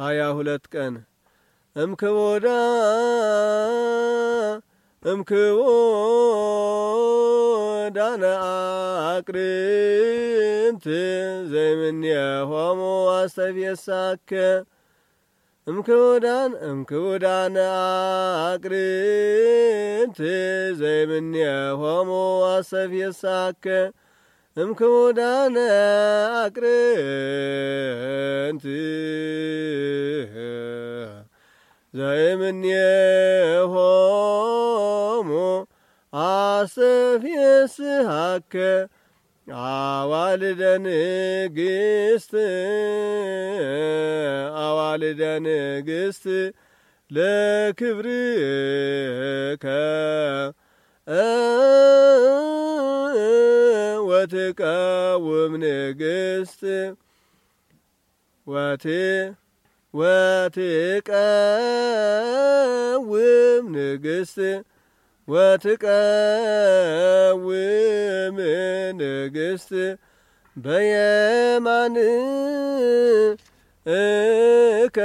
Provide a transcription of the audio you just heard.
ሀያ ሁለት ቀን እምክቦዳ እምክቦዳ ነአቅርምት ዘይምንየሆሙ አስተፍየሳከ እምክቡዳን እምክቡዳን አቅርምት ዘይምንየሆሙ አስተፍየሳከ እምክቡዳን አቅርም ዘይምንየሆሙ አሰፍ የስሃከ አዋልደ ንግሥት አዋልደ ንግሥት ለክብርከ ወትቀውም ንግሥት ወት ወትቀውም ንግሥት ወትቀውም ንግሥት በየማን እከ